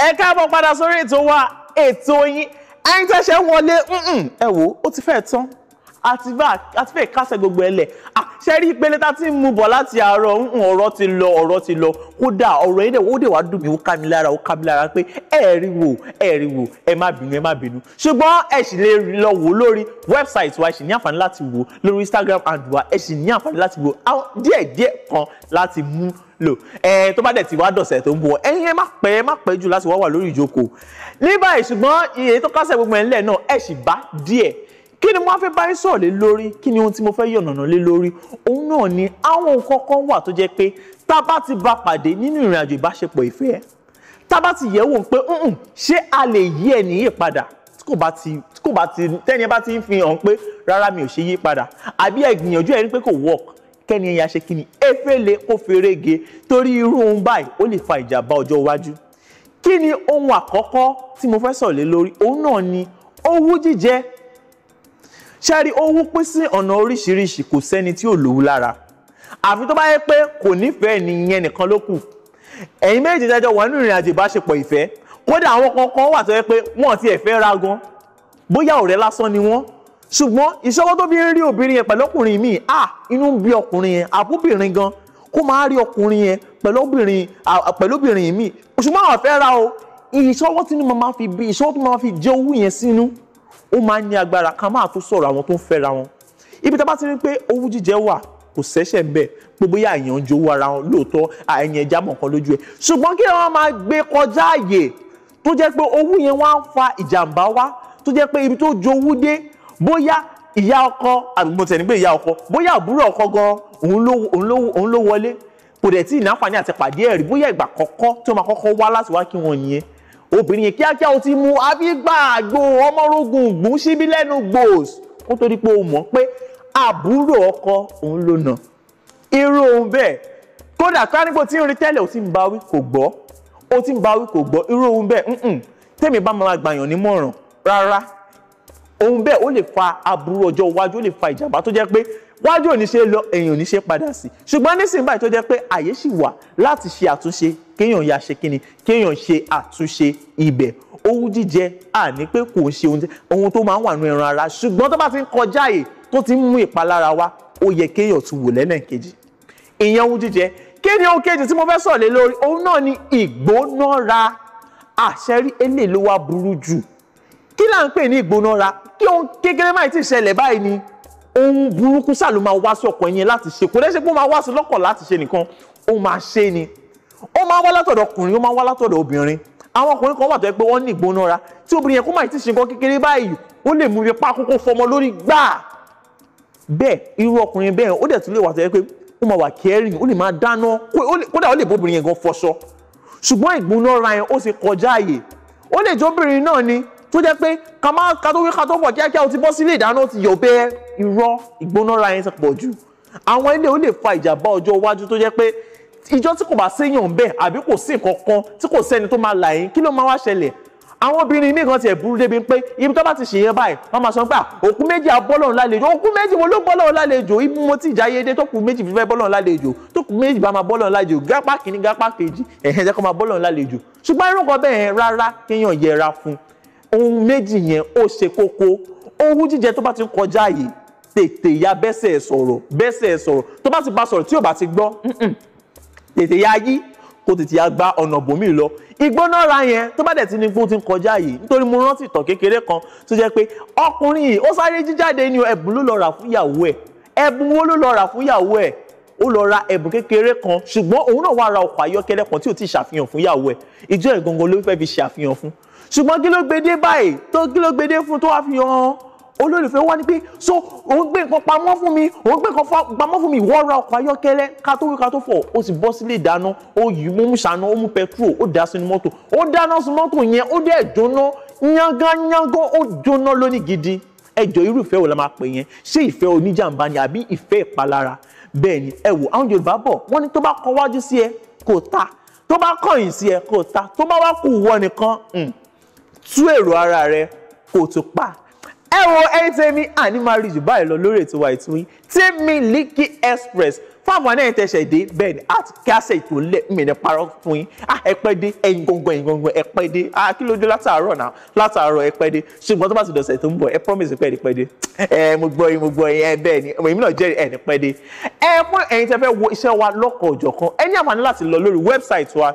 ẹ káàbọ̀ padà sórí ètò wa ètò yín ẹ̀yin tẹ́ṣẹ̀ wọlé ẹ wò ó ti fẹ́ tán àti fẹ́ kásẹ̀ gbogbo ẹlẹ̀ ah, ṣe rí ìpele tá ti ń mú bọ̀ láti àárọ̀ ọ̀rọ̀ ti lọ ọ̀rọ̀ ti lọ kódà ọ̀rọ̀ yìí dẹ̀ ó dẹ̀ wá dùn mí ó ká mi lára ó ká mi lára pé ẹ rí wò ẹ rí wò ẹ má bínú ẹ má bínú ṣùgbọ́n ẹ sì lè lọ wò lórí wẹ́bsáìtì wa ẹ sì ní àǹfààní láti wò lórí Instagram and wa ẹ sì ní àǹfààní láti wò díẹ̀ díẹ̀ kan láti mú lò ẹ tó bá dẹ̀ ti wá dọ̀sẹ̀ tó ń bọ̀ ẹ̀yin ẹ má pẹ́ ẹ má pẹ́ jù láti wá wà lórí ìjókòó ní báyìí ṣùgbọ́n iye tó kásẹ̀ gbogbo ẹ̀ ńlẹ̀ náà ẹ sì bá díẹ̀ kí ni mo fẹ́ bá yín sọ̀rọ̀ lé lórí kí ni ohun tí mo fẹ́ yànnàná lé lórí òun náà ni àwọn nǹkan kan wà tó jẹ́ pé tá a bá ti bá pàdé nínú ìrìn àjò ìbáṣepọ̀ ìfẹ́ ẹ̀ tá a bá ti yẹ̀ wò pé ṣé a lè yí ẹ̀ níyè padà tí kò bá ti tẹ́ni ẹ bá ti ń fi hàn pé rárá mi ò ṣe yí padà àbí ẹ ẹ rí pé kò work kẹ́ni ẹ̀yà ṣe kí ni efele kó ferege torí irú ohun báyìí ó lè fa ìjàmbá ọjọ́ iwájú kí ni ohun àkọ́kọ́ tí mo fẹ́ sọ̀rọ̀ lé lórí òun náà ni owú jíjẹ ṣẹ́rí owó pín sí ọ̀nà oríṣiríṣi kò sẹ́ni tí ò lówó lára àfi tó bá yẹ pé kò nífẹ̀ẹ́ nìyẹn nìkan ló kù ẹ̀yin méjì jẹ́jọ́ wà nínú ìrìn àjò ìbáṣepọ̀ ìfẹ́ kódà àwọn kankan wà tó yẹ pé wọ́n ti ẹ̀fẹ́ ra gan bóyá ọ̀rẹ́ lásán ni wọ́n ṣùgbọ́n ìṣọwọ́ tó fi ń rí obìnrin yẹn pẹ̀lú ọkùnrin míì à inú ń bí ọkùnrin yẹn àbúbìnrin gan kó máa rí ọkùnrin yẹn pẹ̀lú obìnrin míì ṣùgbọ́n àwọn fẹ́ ra o ìṣọwọ́ tí mo máa fi jẹ owó yẹn sínú ó máa ń ní agbára ká máa tún sọ̀rọ̀ àwọn tó ń fẹ́ra wọn ibi tá a bá ti rí pé owú jíjẹ wà kò sẹ́sẹ̀ bẹ́ẹ̀ pé bóyá èèyàn ń jowó ara wọn lóòótọ́ ẹ̀yìn ẹja mọ̀ kan lójú ẹ̀ ṣùgbọ́n kí wọ́n máa gbé kọjá àyè tó jẹ́ pé owú yẹn wá ń fa ìjàmbá wá tó jẹ́ pé ibi tó jowú dé bóyá ìyá ọkọ àbí mo tẹ̀lé pé ìyá ọkọ bóyá àbúrò ọkọ gan òun ló wọlé kò dẹ̀ tí ì náfààní àti ẹ̀rí bóyá ìgbà kọ́kọ́ tí wọ́n máa kọ́kọ́ wá láti wá kí wọ́n yẹn obìnrin yẹn kíákíá o ti mu àbígbàgbò ọmọrógùn gbùn síbi lẹ́nu gbòòs ó torí pé o mọ̀ pé àbúrò ọkọ òun ló nà irú òun bẹ́ẹ̀ kódà kánípò tí ń rí tẹ́lẹ̀ o ti ń bá wí kò gbọ́ o ti ń bá wí kò gbọ́ irú òun bẹ́ẹ̀ tèmi bá máa gbàyàn nímọ̀ràn rárá òun bẹ́ẹ̀ ó lè fa aburú ọjọ́ iwájú ó lè fa ìjàmbá tó jẹ́ pé wájú ò ní ṣe lọ èèyàn ò ní ṣe padà sí ṣùgbọ́n nísìnyí báyìí tó jẹ́ pé àyè sì wà láti ṣe àtúnṣe kéèyàn ya ṣe kíni kéèyàn ṣe àtúnṣe ibẹ̀ owú jíjẹ àní pé kò ṣe ohun tó máa ń wà nínú ẹran ara ṣùgbọ́n tó bá ti ń kọjá àyè tó ti ń mú ìpalára wá ó yẹ kéèyàn tún wò lẹ́lẹ́kejì ìyẹn ohun jíjẹ kí ni ohun kejì tí mo fẹ́ sọ̀rọ̀ lé lórí òun náà ni ìgbónára àṣẹrí eléèlówá burú jù kí là ń pè ní ìgbónára kí ohun kékeré máa ti ṣẹlẹ̀ báyìí ni ohun burúkú ṣáà ló máa wá sí ọkàn yẹn láti ṣe kò lẹ́sẹ̀ pé ó máa wá sí lọ́kàn láti ṣe nìkan ó máa ṣe ni ó máa wá látọ̀dọ̀ ọkùnrin ó máa wá látọ̀dọ̀ obìnrin àwọn ọkùnrin kan wà tó yẹ pé wọ́n ní ìgbónára tí obìnrin yẹn kó máa ti ṣe nǹkan kékeré báyìí ó lè mú ibi pa kókó fọmọ lórí gbáà bẹ́ẹ̀ irú ọkùnrin bẹ́ẹ̀ ó dẹ̀ tún lè wà tó yẹ pé ó máa wà kẹ́rìn ó lè máa dáná kódà ó lè bóbìnrin yẹn gan fọṣọ ṣùgbọ́n ìgbónára yẹn ó ti kọjá àyè ó lè jóbìnrin náà ni tó jẹ́ pé ká má ká tó wí ká tó bọ̀ kíákíá o ti bọ́ sílé ìdáná ti yọ̀ bẹ́ẹ̀ irọ́ ìgbónára yẹn ti pọ̀ jù àwọn ilé ò lè fa ìjàmbá ọjọ́ iwájú tó jẹ́ pé ìjọ tí kò bá séyàn bẹ́ẹ̀ àbí kò sí nǹkan kan tí kò sẹ́ni tó máa là yín kí ló máa wá ṣẹlẹ̀ àwọn obìnrin ní nǹkan tiẹ̀ burú débi pé ibi tó bá ti ṣèyẹn báyìí wọ́n máa sọ pé òkú méjì abọ́lọ́run lálejò òkú méjì wo ló bọ́lọ́run lálejò ibi mo ti jáyédé tó kù méjì fífẹ́ bọ́lọ́run lálejò tó kù méjì bá máa bọ́lọ́run lálejò gápá kìíní gápá kejì ẹ̀hẹ́n jẹ́ kó máa bọ́lọ́run lálejò ṣùgbọ́n irú nǹkan bẹ́ẹ̀ rárá kéèyàn yẹra fún ohun méjì yẹn ó ṣe kókó owú jíjẹ tó bá ti ń kọjá yìí tètè ya bẹ́sẹ̀ sọ̀rọ̀ bẹ́sẹ̀ sọ̀rọ̀ tó bá ti bá sọ̀rọ̀ tí ò bá ti gbọ́ tètè ya yí kó tètè ya gba ọ̀nà bòmí lọ ìgbónára yẹn tó bá dẹ̀ ti ní kó ti ń kọjá yìí nítorí mo rántí ìtàn kékeré kan tó jẹ́ pé ọkùnrin yìí ó sáré jíjáde ní ẹ̀bùn ló lọ rà fún ìyàwó ẹ̀ ẹ̀bùn wo ló lọ rà fún ìyàwó ẹ̀ ó lọ ra ẹ̀bùn kékeré kan ṣùgbọ́n òun náà wá ra ọkọ̀ ayọ́kẹ́lẹ́ kan tí ò ti ṣàfihàn fún ìyàwó ẹ̀ ìjọ ìgangan ló fẹ́ fi ṣàfihàn fún ṣùgbọ́n kí ló gbede báyìí tó kí ló gbede fún tó wá fi hàn olólùfẹ́ wá ní pé so òun gbé nǹkan pamọ́ fún mi òun gbé nǹkan pamọ́ fún mi ìwọ ra ọkọ̀ ayọ́kẹ́lẹ́ ká tó wí ká tó fọ̀ ó sì bọ́ sílé ìdáná ó yí mú mú ṣáná ó mú pẹtrol ó dá sínú mọ́tò ó dáná sínú mọ́tò yẹn ó dẹ̀ jóná yángányángán ó jóná lónìí gidi ẹjọ́ irúfẹ́ wo la máa pè yẹn ṣé ìfẹ́ oníjàmbá ni àbí ìfẹ́ ìpalára bẹ́ẹ̀ ni ẹ wò àwọn Yorùbá bọ̀ wọ́n ní tó bá kọ wájú sí ẹ kò ta tó bá kọ̀yìn sí ẹ kò ta tó bá wá kù wọ nìkan hmm tú èrò ara rẹ kó tó pa ẹ wo ẹni tẹ́mi àní máa rí jù báyìí lọ lórí ètò wa ètò yín Miliki Express fún àǹfààní ẹ̀yìn tẹ̀sẹ̀ dé bẹ́ẹ̀ ni àti kásẹ̀ ètò lẹ̀ mìíràn parọ́ fún yín ẹ̀pẹ́ dé ẹ̀yìn gangan ẹ̀yìn gangan ẹ̀pẹ́ dé kí ló dé látàárọ̀ náà látàárọ̀ ẹ̀pẹ́ dé ṣùgbọ́n tó bá ti dọ̀sẹ̀ tó ń bọ̀ ẹ promise pẹ́ dé pẹ́ dé ẹ mo gbọ́ yín mo gbọ́ yín ẹ bẹ́ẹ̀ ni èmi náà jẹ́rìí ẹ̀ní pẹ́ dé ẹ fún ẹ̀yin tẹ́ fẹ́ wo iṣẹ́ wa lọ́kọ̀ọ̀jọ̀kan ẹ ní àǹfààní láti lọ lórí wẹ́bsáìtì wa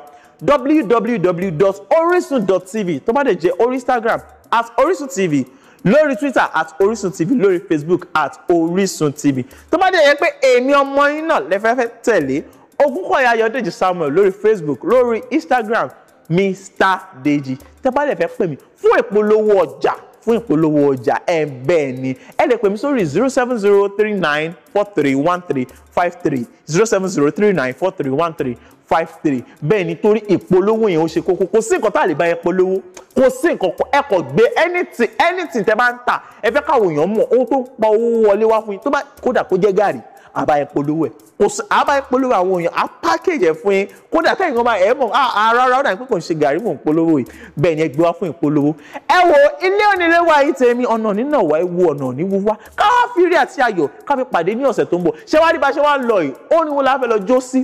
www.orisun.tv tó bá dẹ̀ jẹ́ orí instagram at orisun tv lórí twitter at orisun tv lórí facebook at orisun tv tó bá dẹ̀ yẹ pé èmi ọmọ yín náà lẹ́fẹ́fẹ́ tẹ̀lé Ògúnkọ̀yà Ayọ̀dèjì Samuel lórí facebook lórí instagram Mr Deji tẹ́ bá dẹ̀ fẹ́ pè mí fún ìpolówó ọjà fún ìpolówó ọjà ẹ bẹ́ẹ̀ ni ẹ lè pè mí sórí zero seven zero three nine four three one three five three zero seven zero three nine four three one three five three bẹ́ẹ̀ ni torí ìpolówó yẹn ó ṣe kókó kò sí nǹkan tá a lè bá yẹn polówó kò sí nǹkan ẹ kò gbé anything anything tẹ bá ń tà ẹ fẹ́ káwọn èèyàn mọ̀ ohun tó ń pa owó wọlé wá fún yín tó bá kódà kó jẹ́ gàrí àbá ìpolówó ẹ̀ àbá ìpolówó àwọn èèyàn á pákéjì ẹ̀ fún yín kódà kẹ́yìn kan máa ẹ̀ mọ̀ ara ara ọ̀dà pípọ̀ ń ṣe gàrí mò ń polówó yìí bẹ́ẹ̀ ni ẹ gbé wá fún ìpolówó. ẹ wo ilé onílé wa yìí tèmi ọ̀nà nínà wá ewu ọ̀nà ní wúwá káwá fi rí àti ayọ̀ ká fi pàdé ní ọ̀sẹ̀ tó ń bọ̀ ṣé wá nípa ṣé wá ń lọ yìí ó ní wọn la fẹ́ lọ jó sí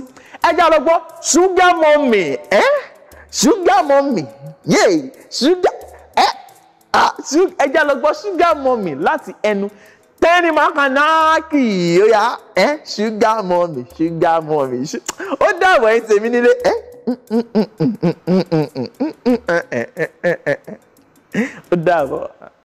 ẹ já lọ gbọ́ ṣúgà mọ́mì ẹ́ ṣúgà mọ́mì yéè ṣúgà ẹ́ ah, ẹ já lọ gbọ́ ṣúgà mọ́mì láti ẹnu tẹ́ni makanaki ó yá ẹ́ ṣúgà mọ́mì ṣúgà mọ́mì ó dàbọ̀ ẹ́ tèmi nílé ẹ́ ó dàbọ̀.